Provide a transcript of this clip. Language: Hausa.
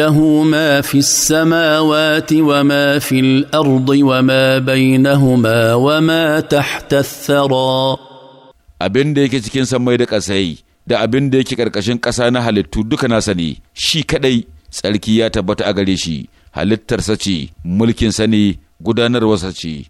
له ما في السماوات وما في الارض وما بينهما وما تحت الثرى abin da yake cikin sammai da ƙasai da abin da yake ƙarƙashin ƙasa na halittu duka nasa ne shi kaɗai tsarki ya tabbata a gare shi halittarsa ce mulkinsa ne gudanarwarsa ce